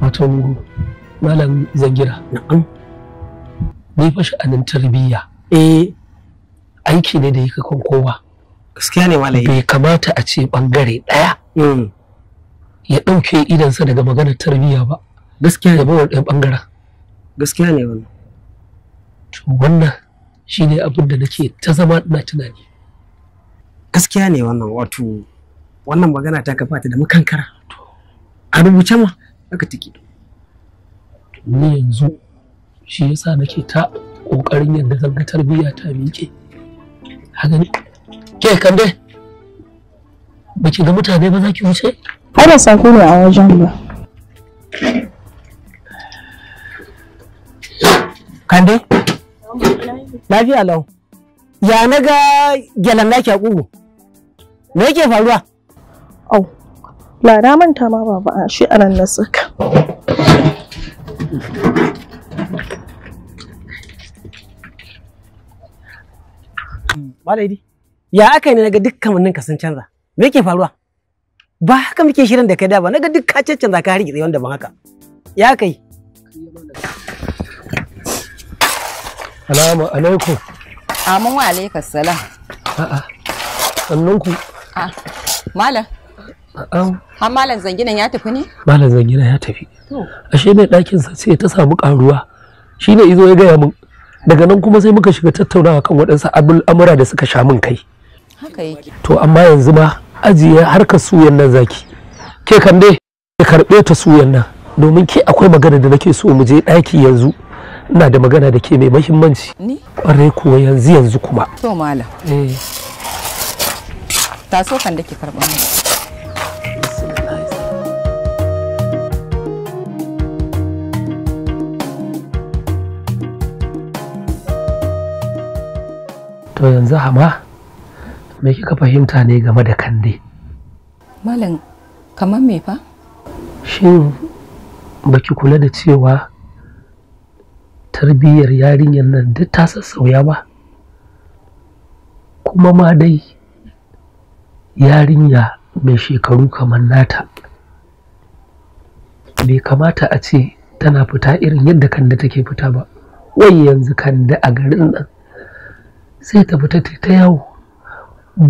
wato malam zangira na'am ni fa sha'anin tarbiyya eh aiki ne da yake kan kowa gaskiya ne malam bai kamata a ce bangare daya hmm. ya dauke idansa daga maganar tarbiyya ba gaskiya ne bawa ɗaya bangaren gaskiya ne wannan to wannan shine abin da nake ta zama ina tunani gaskiya ne wannan wato wannan magana ta kafa ta da makankara a rubuce ma haka take ni yanzu shi yasa nake ta kokarin yadda zan ga tarbiyya ta miƙe haka ne ke Kande? dai baki ga mutane ba za ki wuce ana sako ne a wajen ba kande lafiya lau ya na ga gyalan naki a ƙugu me yake faruwa au la manta ma baba a shi a na saka Malaidi, ya aka ne naga dukkan wannan ka san canza? Me yake faruwa? Ba haka muke shirin da kai da ba, naga duk ka canza ka rike wanda ban haka. Ya kai. Salamu alaikum. Amin wa alaikum salam. A'a. ku. A'a. Ah, malam. Har malam zanginan ya tafi ne? Malam zanginan ya tafi. Ashe ne ɗakinsa sai ta samu ƙaruwa. Shi ne izo ya gaya min. Daga nan kuma sai muka shiga tattaunawa kan waɗansu al'amura da suka sha min kai. Haka yake. To amma yanzu ma ajiye harkar suyan nan zaki. Ke kan dai ki karɓe ta suyan nan. Domin ke akwai magana da nake so mu je ɗaki yanzu. Ina da magana da ke mai mahimmanci. Ni? Ƙwarai kuwa yanzu yanzu kuma. To malam. Eh. so kan da ke to yanzu hama me kika fahimta ne game da kande malam kamar me fa shin baki kula da cewa tarbiyyar yarinyar nan duk ta sassauya ba kuma ma dai yarinya mai shekaru kamar nata bai kamata a ce tana fita irin yadda kanda take fita ba wai yanzu kanda a garin nan sai ta fita ta yawo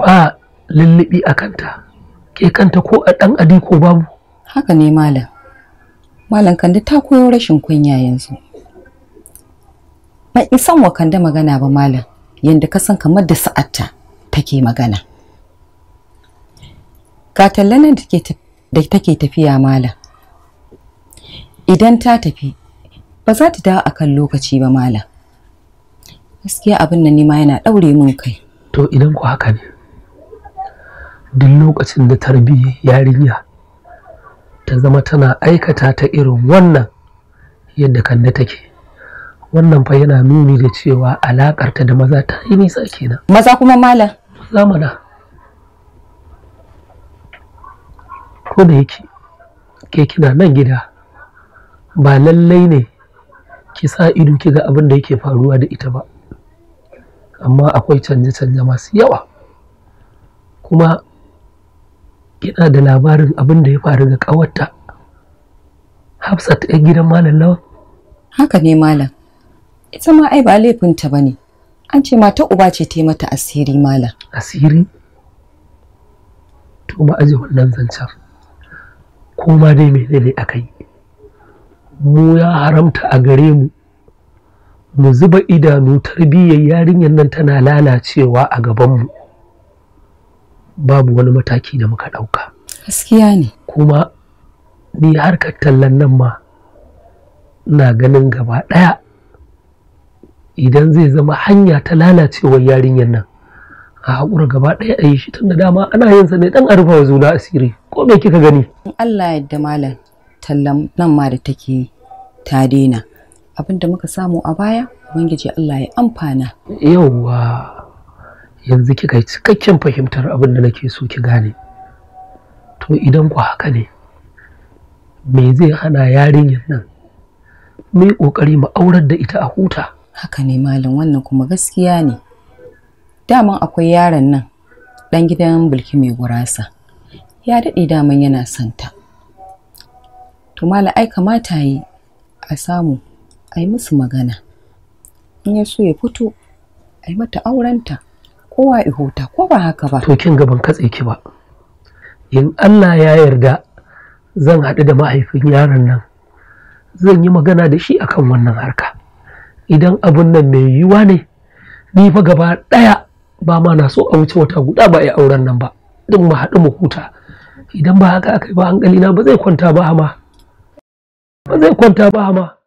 ba lullubi a kanta ke kanta ko a ɗan ko babu haka ne malam malam kande ta koyo rashin kunya yanzu ban san wa kande magana ba malam yadda ka san kamar da sa'atta take magana ga da take tafiya malam idan ta tafi ba za ta dawo akan lokaci ba malam gaskiya abin nan nima yana ɗaure min kai to idan ku haka ne duk lokacin da tarbi yarinya ta zama tana aikata ta irin wannan yadda kande take wannan fa yana nuni da cewa alakarta da maza ta yi nisa kenan maza kuma malam maza ko da yake ke kina nan gida ba lallai ne ki sa ido ki ga abin da yake faruwa da ita ba amma akwai canje-canje masu yawa kuma ina da labarin abin da ya faru ga ƙawarta hafsat ta gidan malam lawan haka ne malam ita ma ai ba laifinta ba ne an ce mata uba ce ta yi mata asiri malam asiri to ma aje wannan zancen ko ma dai menene a yi mu ya haramta a gare mu mu zuba idanu tarbiyyar yarinyar nan tana lalacewa a gabanmu babu wani mataki da muka ɗauka gaskiya ne kuma ni harkar tallan nan ma na ganin gaba ɗaya idan zai zama hanya ta lalacewar yarinyar nan a haƙura gaba ɗaya a yi shi tun da dama ana yin sa ne ɗan arfa wa zuna asiri ko me kika gani in Allah ya yarda malam tallan nan ma da take ta daina abin da muka samu a baya ubangiji Allah ya amfana yawwa yanzu kika yi cikakken fahimtar abin da nake so ki gane to idan ku haka ne me zai hana yarinyar nan me kokari mu aurar da ita a huta haka ne malam wannan kuma gaskiya ne daman akwai yaron nan dan gidan bulki mai gurasa ya daɗe daman yana santa to malam ai kamata yi a samu a yi musu magana in ya so ya fito a yi mata aurenta kowa ya ihuta ko ba haka ba to kin gaban katse ki ba in Allah ya yarda zan haɗu da mahaifin yaron nan zan yi magana da shi akan wannan harka idan abun nan mai yiwuwa ne ni fa gaba ɗaya ba ma na so a wuce wata guda ba a auren nan ba duk mu haɗu mu huta idan ba haka aka ba hankali na ba zai kwanta ba ma, ba zai kwanta ba ma.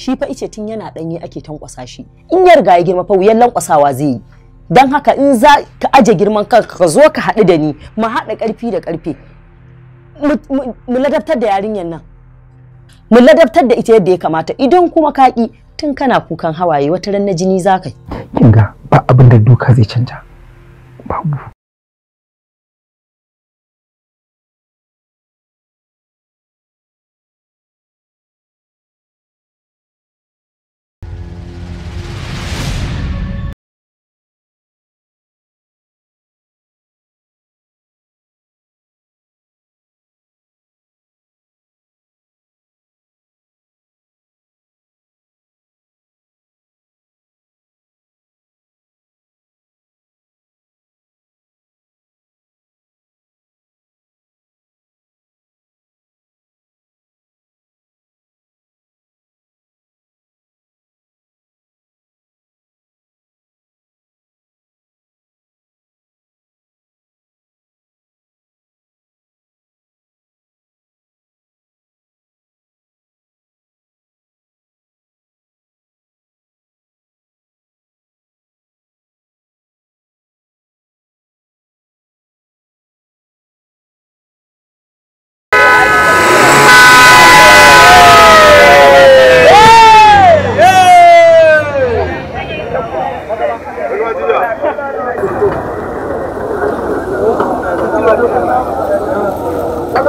shi fa ice tun yana ɗanye ake tankwasa shi in ya riga ya girma fa wuyan lankwasawa zai yi don haka in za ka aje girman kanka ka zo ka haɗu da ni mu haɗa ƙarfi da ƙarfe mu ladabtar da yarinyar nan mu ladabtar da ita yadda ya kamata idan kuma ka ƙi tun kana kukan hawaye wata ran na jini za ka yi. Kinga ba abin da duka zai canja babu.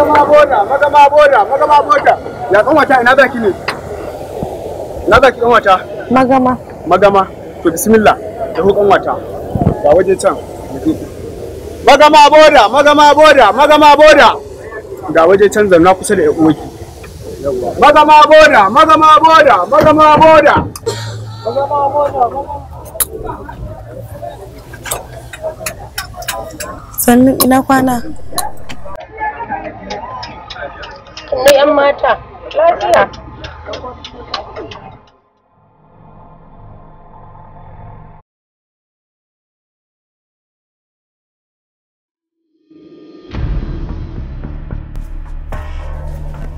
magama boda magama boda magama boda ya kan wata ina zaki ne na zaki kan wata magama magama to bismillah da hukan wata ga waje can magama boda magama boda magama boda ga waje can zanna kusa da uwaki magama boda magama boda magama boda magama boda sannan ina kwana 'yan mata lafiya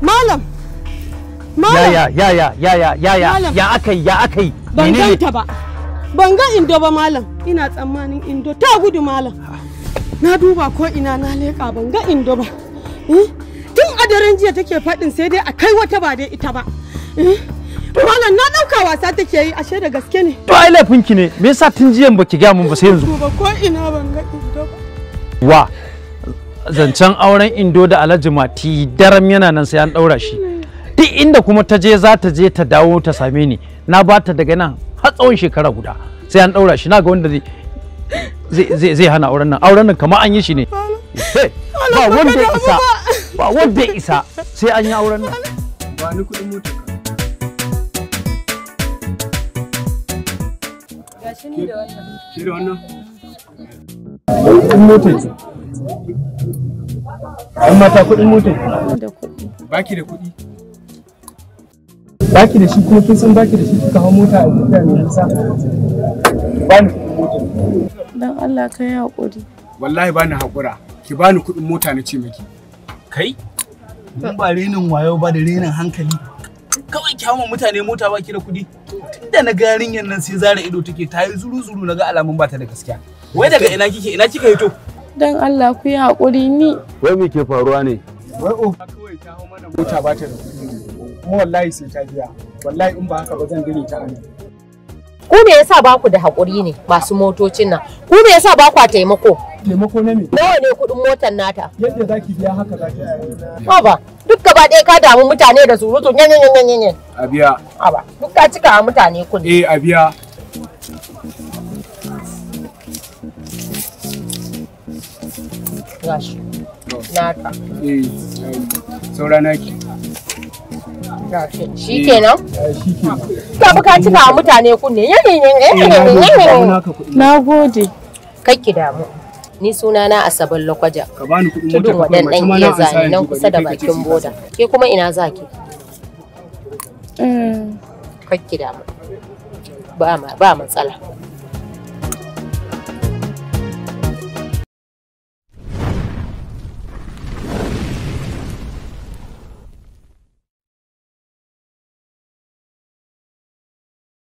Malam! Malam! Ya ya ya ya ya ya ya aka yi ya aka yi. Ban ganta ba. Ban ga indo ba malam. Ina tsammanin indo ta gudu malam. Na duba ko ina na leƙa ban ga indo ba. Eh? a jiya take faɗin sai dai a kai wata ba dai ita ba eh? Malam na ɗauka wasa take yi ashe da gaske ne. To ai laifin ki ne me yasa tun jiyan baki gaya mun ba sai yanzu. Ba ko ina ban ga indo ba. Wa zancen auren indo da Alhaji Mati daram yana nan sai an ɗaura shi. Duk inda kuma ta je za ta je ta dawo ta same ni na ba ta daga nan har tsawon shekara guda sai an ɗaura shi na ga wanda zai zai hana auren nan auren nan kamar an yi shi ne. Eh, ba wanda ya isa. ba wanda isa sai an yi auren nan ba ni kuɗin mota ka gashi ni da wannan ke da wannan kuɗin mota ki an mata kuɗin mota ki da kuɗi baki da kuɗi baki da shi kuma kin san baki da shi kuka hau mota a gida mai nisa ba ni kuɗin mota. Don Allah ka yi haƙuri wallahi ba ni haƙura ki bani kuɗin mota na ce miki Kai? Mun ba renin wayo ba da renin hankali. Kawai kyawun mutane mota ba ki da kuɗi. Da na ga yarinyar nan sai zara ido take ta yi zuru-zuru na ga alamun ba ta da gaskiya. Wai daga ina kike ina kika hito? Dan Allah ku yi haƙuri ni. Wai me ke faruwa ne? Wai oh. Kawai ta hau mana mota ba ta da kuɗi. Kuma wallahi sai ta biya. Wallahi in ba haka ba zan gani ta ana. Ku me yasa ba ku da haƙuri ne masu motocin nan? Ku me yasa ba ku taimako? taimako na me nawa ne kuɗin motar nata yadda zaki biya haka zaki ba ba duk gaba ɗaya ka damu mutane da surutu nyanyan nyanyan nyanyan a biya a ba duk ka cika wa mutane kun eh a biya gashi nata eh saura naki shi eh. kenan eh, cika wa mutane kunne na gode kai ki damu ni sunana Asabar Lokwaja. Tudun wadan iya zane nan kusa da bakin boda. Ke kuma ina za ki? Mm. damu. Ba matsala.